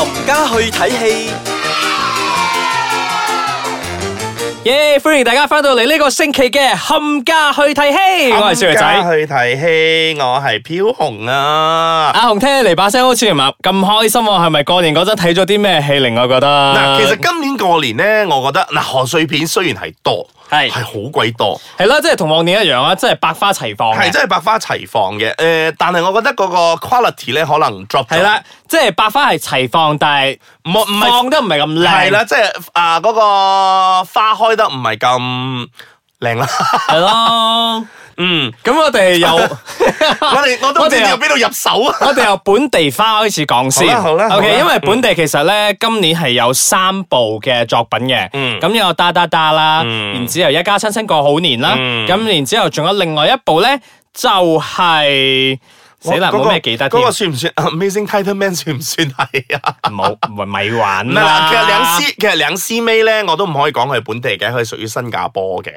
冚家去睇戲。耶！Yeah, 歡迎大家翻到嚟呢個星期嘅《冚家去睇戲》，我係小肥仔。《冚家去睇戲》，我係飄紅啊！阿、啊、紅，聽你嚟把聲，好似唔係咁開心喎？係咪過年嗰陣睇咗啲咩戲？令我覺得嗱，其實今年過年咧，我覺得嗱，賀、啊、歲片雖然係多，係係好鬼多，係啦、啊，即係同往年一樣啊，即係百花齊放嘅，係真係百花齊放嘅。誒、呃，但係我覺得嗰個 quality 咧，可能 drop 咗。係啦、啊，即係百花係齊放，但係唔唔放得唔係咁靚。係啦、啊，即係啊嗰、那個花開。開得唔係咁靚啦，係咯，嗯，咁我哋又我哋我哋由邊度入手啊？我哋由本地花開始講先，好啦，好啦，OK，因為本地其實咧今年係有三部嘅作品嘅，咁又「噠噠噠」啦，然之後一家親親過好年啦，咁然之後仲有另外一部咧就係。死啦！冇咩記得添。嗰個算唔算《Amazing Titan Man》？算唔算係啊？冇咪玩啦。其實兩師其實兩師妹咧，我都唔可以講佢係本地嘅，佢係屬於新加坡嘅。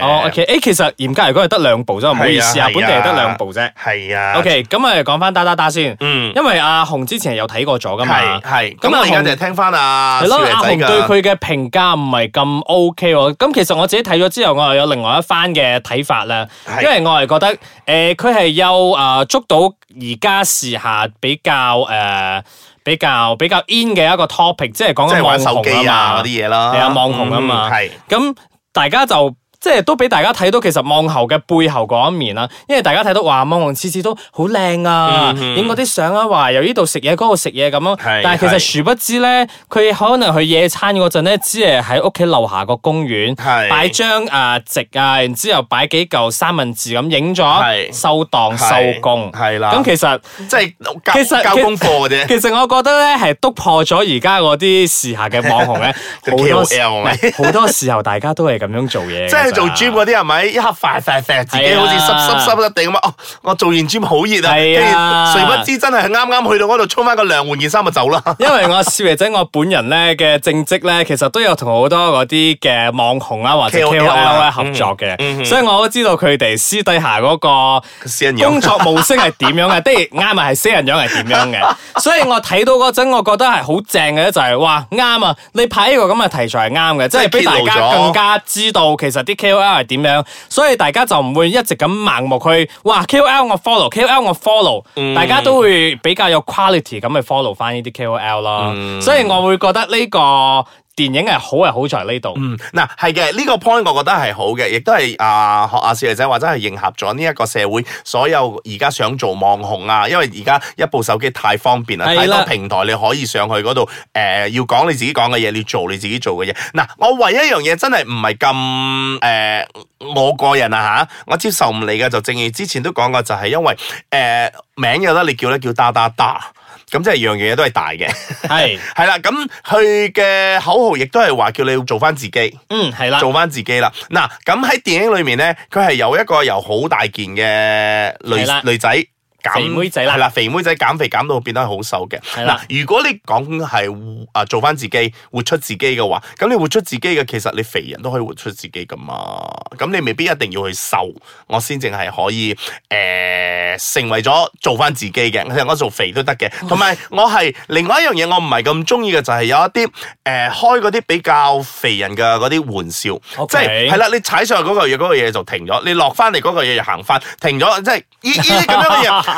哦，OK，誒，其實嚴格嚟講係得兩部啫，唔好意思啊，本地係得兩部啫。係啊。OK，咁啊，講翻打打打先。嗯。因為阿紅之前係有睇過咗㗎嘛。係。係。咁啊，而家就聽翻阿。係咯，阿紅對佢嘅評價唔係咁 OK 喎。咁其實我自己睇咗之後，我又有另外一番嘅睇法啦。係。因為我係覺得，誒，佢係有啊足。到而家時下比較誒、呃、比較比較 in 嘅一個 topic，即係講緊玩手機啊嗰啲嘢啦，係啊網紅啊嘛，係咁、嗯、大家就。即係都俾大家睇到，其實網紅嘅背後嗰一面啦。因為大家睇到話網紅次次都好靚啊，影嗰啲相啊，話由呢度食嘢嗰度食嘢咁咯。但係其實殊不知咧，佢可能去野餐嗰陣咧，只係喺屋企樓下個公園擺張誒席啊，然之後擺幾嚿三文治咁影咗，收檔收工係啦。咁其實即係其實交功課啫。其實我覺得咧係督破咗而家我啲時下嘅網紅咧，好多時好多時候大家都係咁樣做嘢。做 gym 啲係咪一刻快快快，自己好似濕濕濕濕，濕，濕，濕地咁啊、哦？我做完 gym 好熱啊，跟住、啊、誰不知真係啱啱去到嗰度沖翻個涼換件衫就走啦。因為我少爺仔我本人咧嘅正職咧，其實都有同好多嗰啲嘅網紅啊或者 KOL 咧合作嘅， 所以我都知道佢哋私底下嗰個工作模式係點樣嘅，的啱啊係私人樣係點樣嘅。所以我睇到嗰陣，我覺得係好正嘅，就係、是、哇啱啊！你拍呢個咁嘅題材係啱嘅，即係俾大家更加知道其實啲。KOL 係點樣？所以大家就唔會一直咁盲目去，哇！KOL 我 follow，KOL 我 follow，、嗯、大家都會比較有 quality 咁去 follow 翻呢啲 KOL 咯。嗯、所以我會覺得呢、呢個。電影係好係好在呢度、嗯嗯。嗯，嗱係嘅，呢、 啊呢個 point 我覺得係好嘅，亦都係啊學阿小麗仔或者係迎合咗呢一個社會，所有而家想做網紅啊，因為而家一部手機太方便啦，的太多平台你可以上去嗰度，誒、呃、要講你自己講嘅嘢，你、呃、做你自己做嘅嘢。嗱、呃，我唯一一樣嘢真係唔係咁誒，我、呃、個人啊吓，我接受唔嚟嘅就正如之前都講過，就係因為誒、呃、名有得你叫咧，叫噠噠噠。咁即係樣樣嘢都係大嘅， 係係啦。咁佢嘅口號亦都係話叫你做返自己，嗯係啦，做返自己啦。嗱，咁喺電影裏面呢，佢係有一個由好大件嘅女女仔。減肥妹仔啦，係啦，肥妹仔減肥減到變得好瘦嘅。嗱的，如果你講係啊做翻自己活出自己嘅話，咁你活出自己嘅，其實你肥人都可以活出自己噶嘛。咁你未必一定要去瘦，我先至係可以誒、呃、成為咗做翻自己嘅。我做肥都得嘅。同埋我係 另外一樣嘢，我唔係咁中意嘅就係、是、有一啲誒、呃、開嗰啲比較肥人嘅嗰啲玩笑，即係係啦，你踩上去嗰個嘢，嗰個嘢就停咗；你落翻嚟嗰個嘢就行翻，停咗，即係呢依啲咁樣嘅嘢。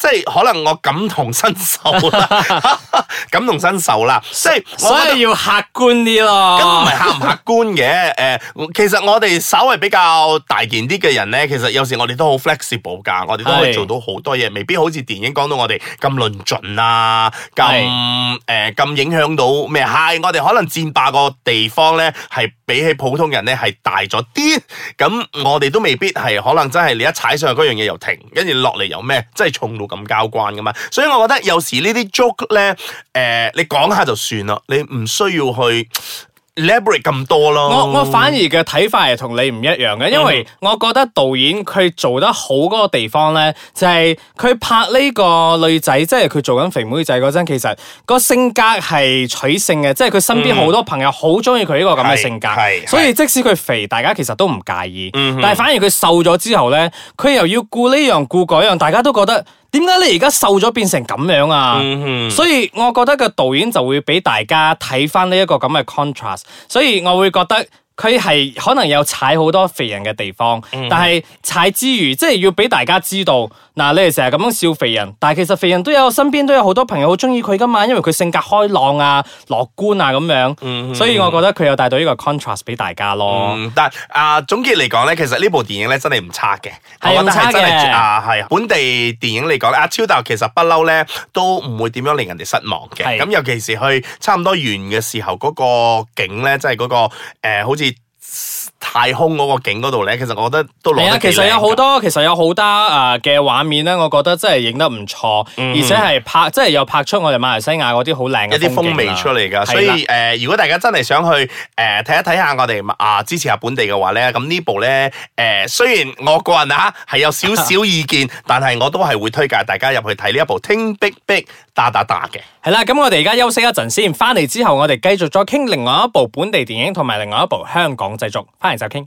即係可能我感同身受啦， 感同身受啦，所以所以要客觀啲咯。咁唔係客唔客觀嘅，誒、 呃，其實我哋稍微比較大件啲嘅人咧，其實有時我哋都好 flexible 㗎，我哋都可以做到好多嘢，是未必好似電影講到我哋咁論盡啊，咁誒咁影響到咩？係我哋可能佔霸個地方咧，係比起普通人咧係大咗啲，咁我哋都未必係可能真係你一踩上去嗰樣嘢又停，跟住落嚟有咩？即係重咁交關噶嘛，所以我覺得有時呢啲 joke 咧，誒、呃，你講下就算啦，你唔需要去 elaborate 咁多咯我。我反而嘅睇法係同你唔一樣嘅，因為我覺得導演佢做得好嗰個地方咧，就係、是、佢拍呢個女仔，即係佢做緊肥妹仔嗰陣，其實個性格係取勝嘅，即係佢身邊好多朋友好中意佢呢個咁嘅性格，係、嗯。所以即使佢肥，大家其實都唔介意。嗯、哼但係反而佢瘦咗之後咧，佢又要顧呢樣顧嗰樣，大家都覺得。點解你而家瘦咗變成咁樣啊？Mm hmm. 所以我覺得個導演就會俾大家睇返呢一個咁嘅 contrast，所以我會覺得。佢係可能有踩好多肥人嘅地方，嗯、但係踩之餘即係要俾大家知道，嗱、嗯，你哋成日咁樣笑肥人，但係其實肥人都有身邊都有好多朋友好中意佢噶嘛，因為佢性格開朗啊、樂觀啊咁樣，嗯、所以我覺得佢有帶到呢個 contrast 俾大家咯。嗯、但啊、呃、總結嚟講咧，其實呢部電影咧真係唔差嘅，係唔差嘅真係啊，係、呃、本地電影嚟講講，阿超導其實呢不嬲咧都唔會點樣令人哋失望嘅。咁是尤其是去差唔多完嘅時候，嗰個景咧，即、就、係、是嗰個誒、呃、好似。太空嗰個景嗰度咧，其實我覺得都攞。啊，其實有好多，其實有好多誒嘅畫面咧，我覺得真係影得唔錯，嗯、而且係拍即係又拍出我哋馬來西亞嗰啲好靚嘅一啲風味出嚟噶，了所以誒、呃，如果大家真係想去誒睇、呃、一睇下我哋啊支持下本地嘅話咧，咁呢部咧誒，雖然我個人吓係、啊、有少少意見， 但係我都係會推介大家入去睇呢一部《聽逼逼，噠噠噠》嘅。係啦，咁我哋而家休息一陣先，翻嚟之後我哋繼續再傾另外一部本地電影同埋另外一部香港製作，返嚟再傾。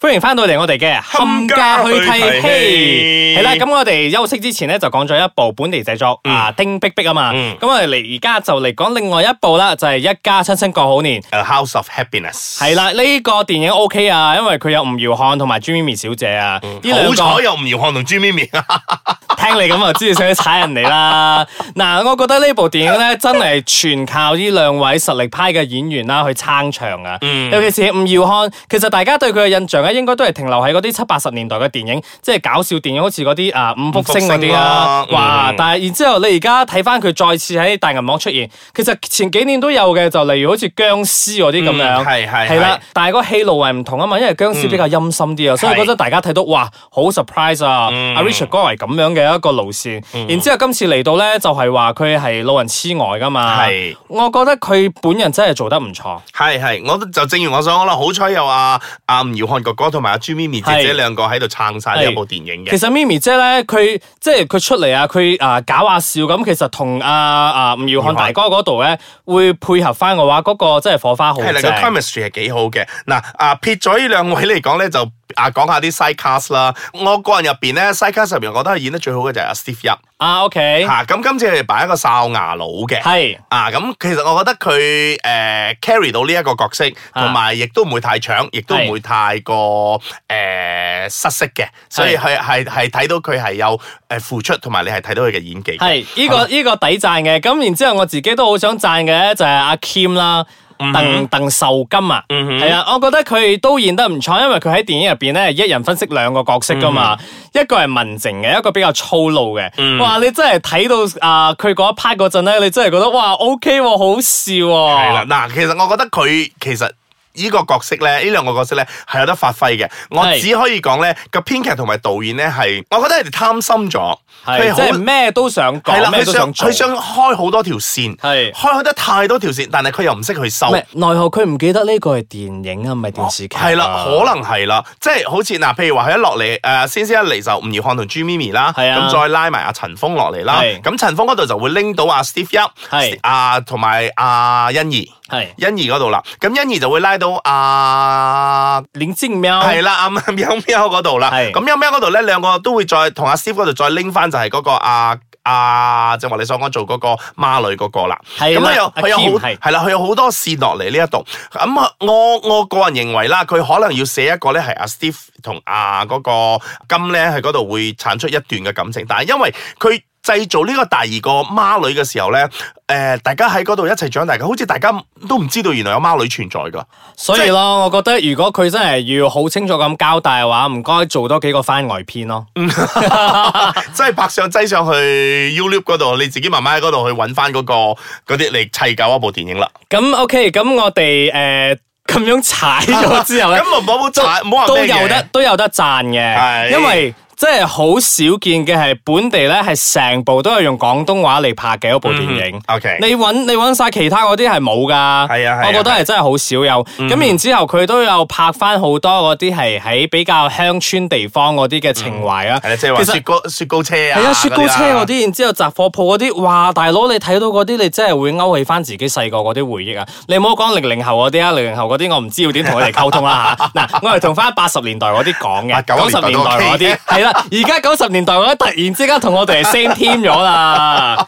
歡迎翻到嚟，我哋嘅《冚家去睇戲》係啦，咁 我哋休息之前呢，就講咗一部本地製作、嗯、啊，丁碧碧啊嘛，咁、嗯、我哋嚟而家就嚟講另外一部啦，就係、係《一家親親過好年》。House of Happiness 係啦，呢、呢個電影 OK 啊，因為佢有吳耀漢同埋朱咪咪小姐啊，呢、嗯、好彩有吳耀漢同朱咪咪， 聽你咁啊，我知你想去踩人哋啦。嗱、 啊，我覺得呢部電影咧真係全靠呢兩位實力派嘅演員啦去撐場啊，嗯、尤其是吳耀漢，其實大家對佢嘅印象。應該都係停留喺嗰啲七八十年代嘅電影，即係搞笑電影，好似嗰啲啊五福星嗰啲啊，哇！但係然之後你而家睇翻佢再次喺大銀幕出現，其實前幾年都有嘅，就例如好似僵屍嗰啲咁樣，係係係啦。但係個戲路係唔同啊嘛，因為僵屍比較陰森啲啊，所以我覺得大家睇到哇，好 surprise 啊！Richard 阿哥為咁樣嘅一個路線，然之後今次嚟到咧就係話佢係老人痴呆噶嘛。係，我覺得佢本人真係做得唔錯。係係，我就正如我想講啦，好彩又阿阿吳耀漢個。同埋阿朱咪咪姐姐兩個喺度撐晒呢一部電影嘅。其實咪咪姐咧，佢即係佢出嚟啊，佢啊搞下笑咁，其實同阿阿吳耀漢大哥嗰度咧會配合翻嘅話，嗰、嗰個真係火花好正。係啦，個 chemistry 係幾好嘅。嗱、呃、啊、呃，撇咗呢兩位嚟講咧就。啊，講下啲 side cast 啦，我個人入邊咧 side cast 入邊，面我覺得演得最好嘅就係阿 Steve 一，啊 OK，吓咁今次嚟擺一個哨牙佬嘅，係是，啊咁其實我覺得佢誒、呃、carry 到呢一個角色，同埋亦都唔會太搶，亦都唔會太過誒是、呃、失色嘅，所以係係係睇到佢係有誒付出，同埋你係睇到佢嘅演技，係呢、這個呢吧個抵讚嘅。咁然之後我自己都好想讚嘅就係阿 Kim 啦。鄧鄧秀金啊，係、嗯、哼啊，我覺得佢都演得唔錯，因為佢喺電影入邊咧，一人分析兩個角色噶嘛，嗯、哼一個係文靜嘅，一個比較粗魯嘅。嗯、哇，你真係睇到啊，佢、呃、講一 part 嗰陣咧，你真係覺得哇，OK，、啊、好笑係、啊、啦，嗱，其實我覺得佢其實呢個角色咧，呢兩個角色咧係有得發揮嘅。我只可以講咧，是個編劇同埋導演咧係，我覺得佢哋貪心咗。佢即係咩都想講，係啦，佢想佢想開好多條線，係開開得太多條線，但係佢又唔識去收。奈何佢唔記得呢個係電影啊，唔係電視劇。係啦，可能係啦，即係好似嗱，譬如話佢一落嚟，誒，先先一嚟就吳耀漢同朱咪咪啦，係啊，咁再拉埋阿陳峰落嚟啦，咁陳峰嗰度就會拎到阿 Steve Yup，係阿同埋阿欣怡，係欣怡嗰度啦，咁欣怡就會拉到阿林靜喵，係啦，阿喵喵嗰度啦，咁喵喵嗰度咧，兩個都會再同阿 Steve 嗰度再拎翻。就係嗰個阿、啊、阿、啊，就話、是、你所講做嗰個孖女嗰個啦，咁咧的有佢有好係啦，佢的有好多線落嚟呢一度。咁、嗯、我我個人認為啦，佢可能要寫一個咧係阿 Steve 同阿嗰個金咧喺嗰度會產出一段嘅感情，但係因為佢。製造呢個第二個孖女嘅時候咧，誒、呃，大家喺嗰度一齊長大嘅，好似大家都唔知道原來有孖女存在噶。所以咯，就是，我覺得如果佢真係要好清楚咁交代嘅話，唔該做多幾個番外篇咯。即係拍上擠上去 YouTube 嗰度，你自己慢慢喺嗰度去搵翻嗰個嗰啲嚟砌舊一部電影啦。咁 OK，咁我哋誒咁樣踩咗之後咧，咁冇冇都有得都有得賺嘅，因為。即係好少見嘅係本地咧，係成部都係用廣東話嚟拍嘅嗰部電影。O K，你揾你揾晒其他嗰啲係冇噶，係啊，我覺得係真係好少有。咁然之後佢都有拍翻好多嗰啲係喺比較鄉村地方嗰啲嘅情懷啊，即係話雪糕雪糕車啊，係啊，雪糕車嗰啲，然之後雜貨鋪嗰啲，哇，大佬你睇到嗰啲你真係會勾起翻自己細個嗰啲回憶啊！你唔好講零零後嗰啲啊，零零後嗰啲我唔知要點同佢哋溝通啦，嗱，我係同翻八十年代嗰啲講嘅，九十年代嗰啲係啦。而家九十年代我都突然之間同我哋係 same team 咗啦，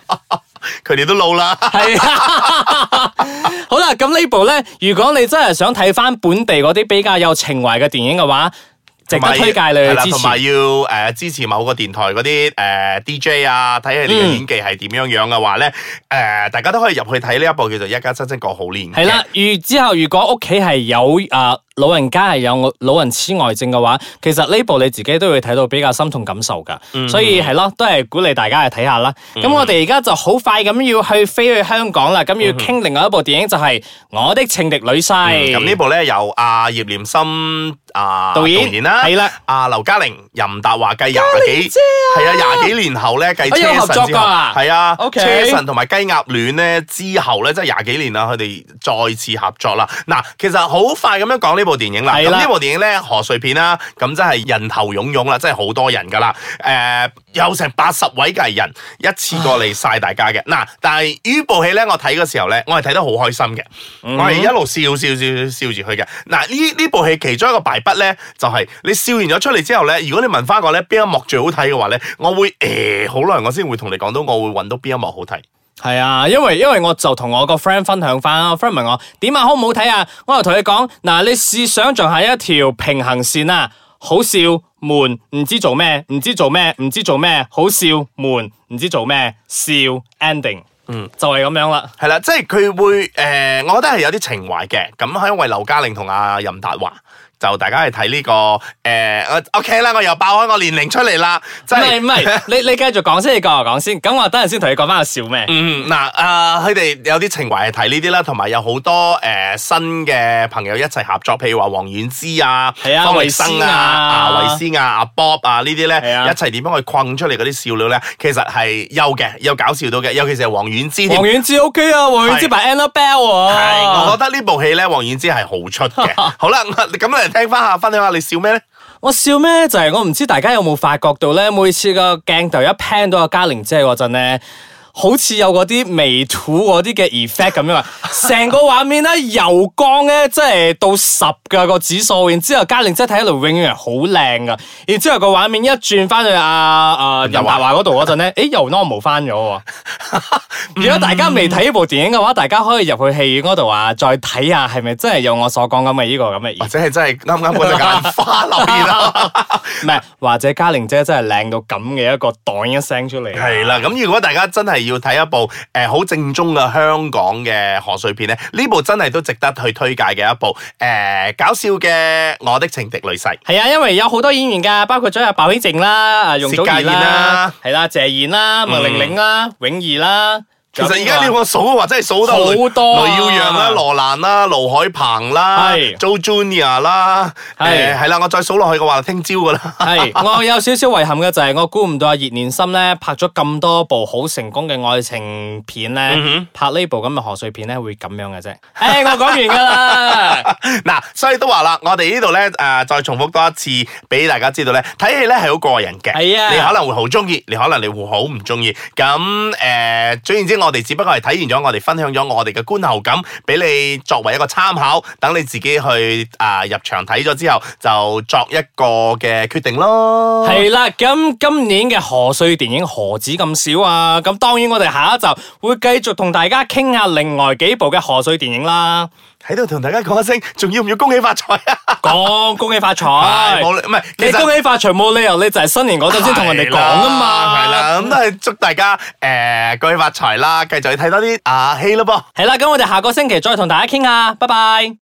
佢哋 都老啦。係啊，好啦，咁呢部呢，如果你真係想睇翻本地嗰啲比較有情懷嘅電影嘅話，有值得推介你去支持。同埋要誒支持某個電台嗰啲誒 DJ 啊，睇下你嘅演技係點樣樣嘅話呢，誒、嗯呃，大家都可以入去睇呢一部叫做《一家親親過好年》。係啦，如之後如果屋企係有誒。呃老人家係有老人痴呆症嘅話，其實呢部你自己都會睇到比較心痛感受噶，嗯、哼所以係咯，都係鼓勵大家去睇下啦。咁、嗯、哼我哋而家就好快咁要去飛去香港啦，咁要傾另外一部電影就係、是《我的情敵女婿》。咁、嗯、呢部咧由阿葉念琛啊導演，導演啊啦，係啦、啊，阿劉嘉玲、任達華繼廿幾，係啊廿、啊、幾年後咧繼車神之有合作、啊，係啊，啊，ok 車神同埋雞鴨戀咧之後咧，即係廿幾年啦，佢哋再次合作啦。嗱、啊，其實好快咁樣講呢。呢部電影啦，咁呢的部電影咧賀歲片啦、啊，咁真係人頭涌湧啦，真係好多人噶啦，誒、呃、有成八十位藝人一次過嚟晒大家嘅，嗱唉，但係呢部戲咧我睇嘅時候咧，我係睇得好開心嘅，嗯、我係一路笑笑笑笑住佢嘅，嗱呢呢部戲其中一個敗筆咧就係、是、你笑完咗出嚟之後咧，如果你問翻我咧邊一幕最好睇嘅話咧，我會誒好耐我先會同你講到我會揾到邊一幕好睇。係啊，因為因為我就同我個 friend 分享翻啦，我 friend 問我點啊好唔好睇啊，我又同佢講嗱，你試想象下一條平衡線啊，好笑悶，唔知做咩，唔知做咩，唔知做咩，好笑悶，唔知做咩，笑 ending，嗯，就係咁樣啦，係啦、啊，即係佢會誒、呃，我覺得係有啲情懷嘅，咁係因為劉嘉玲同阿任達華。就大家係睇呢個誒，O K 啦，我又爆開個年齡出嚟啦，即係唔係，你你繼續講先，你講啊講先，咁我等陣先同你講翻個笑咩？嗯，嗱，阿佢哋有啲情懷係睇呢啲啦，同埋有好多誒新嘅朋友一齊合作，譬如話黃菀之啊，係啊，方力申啊，阿維斯啊，阿 Bob 啊呢啲咧，一齊點樣去困出嚟嗰啲笑料咧？其實係有嘅，有搞笑到嘅，尤其是黃菀之，黃菀之 O K 啊，黃菀之扮 Annabelle，係，我覺得呢部戲咧，黃菀之係好出嘅。好啦，咁誒。聽翻下，分享下，你笑咩咧？我笑咩咧？就係、是、我唔知道大家有冇發覺到咧，每次個鏡頭一 pan 到個嘉玲姐嗰陣咧。好似有嗰啲微土嗰啲嘅 effect 咁樣啊，成個畫面咧，柔光咧，即係到十嘅個指數，然之後嘉玲姐睇起嚟永遠係好靚噶，然之後個畫面一轉翻去啊、啊任華華嗰度嗰陣咧，誒又 normal 翻咗喎。 如果大家未睇呢部電影嘅話，大家可以入去戲院嗰度啊，再睇下係咪真係有我所講咁嘅呢個咁嘅。這個這個、或者係真係啱啱嗰隻眼花流煙啦 了，唔係，或者嘉玲姐真係靚到咁嘅一個檔一,一聲出嚟。係啦， 咁如果大家真係。要睇一部誒好、呃、正宗嘅香港嘅賀歲片咧，呢部真係都值得去推介嘅一部誒、呃、搞笑嘅《我的情敵女婿》。係啊，因為有好多演員噶，包括咗有鮑起靜啦、啊、呃、容祖兒啦、係啦、啊啊、謝賢啦、麥玲玲啦、嗯、泳兒啦。其實而家你要我數嘅話，真係數得好多，啊。雷耀陽啦、羅蘭啦、盧海鵬啦、啊、Jo Junior 啦，係係、啊是欸、啦，我再數落去嘅話，聽朝噶啦。係 我有少少遺憾嘅就係、是、我估唔到阿葉念琛咧拍咗咁多部好成功嘅愛情片咧，嗯、哼拍這部這呢部咁嘅賀歲片咧會咁樣嘅啫。誒、欸，我講完噶啦。嗱， 所以都話啦，我哋呢度咧誒，再重複多一次俾大家知道咧，睇戲咧係好個人嘅。係啊的。你可能會好中意，你可能會 你可能會好唔中意。咁誒、呃，總而言之。我哋只不過係體現咗我哋，分享咗我哋嘅觀後感，俾你作為一個參考，等你自己去啊、呃、入場睇咗之後，就作一個嘅決定咯。係啦，咁今年嘅賀歲電影何止咁少啊？咁當然我哋下一集會繼續同大家傾下另外幾部嘅賀歲電影啦。喺度同大家講一聲，仲要唔要恭喜發財啊？講 恭喜發財，冇唔係，你恭喜發財冇理由，你就係新年嗰度先同人哋講啊嘛。係啦，咁都係祝大家誒、呃，恭喜發財啦，繼續去睇多啲啊戲咯噃。係啦，咁 我哋下個星期再同大家傾啊，拜拜。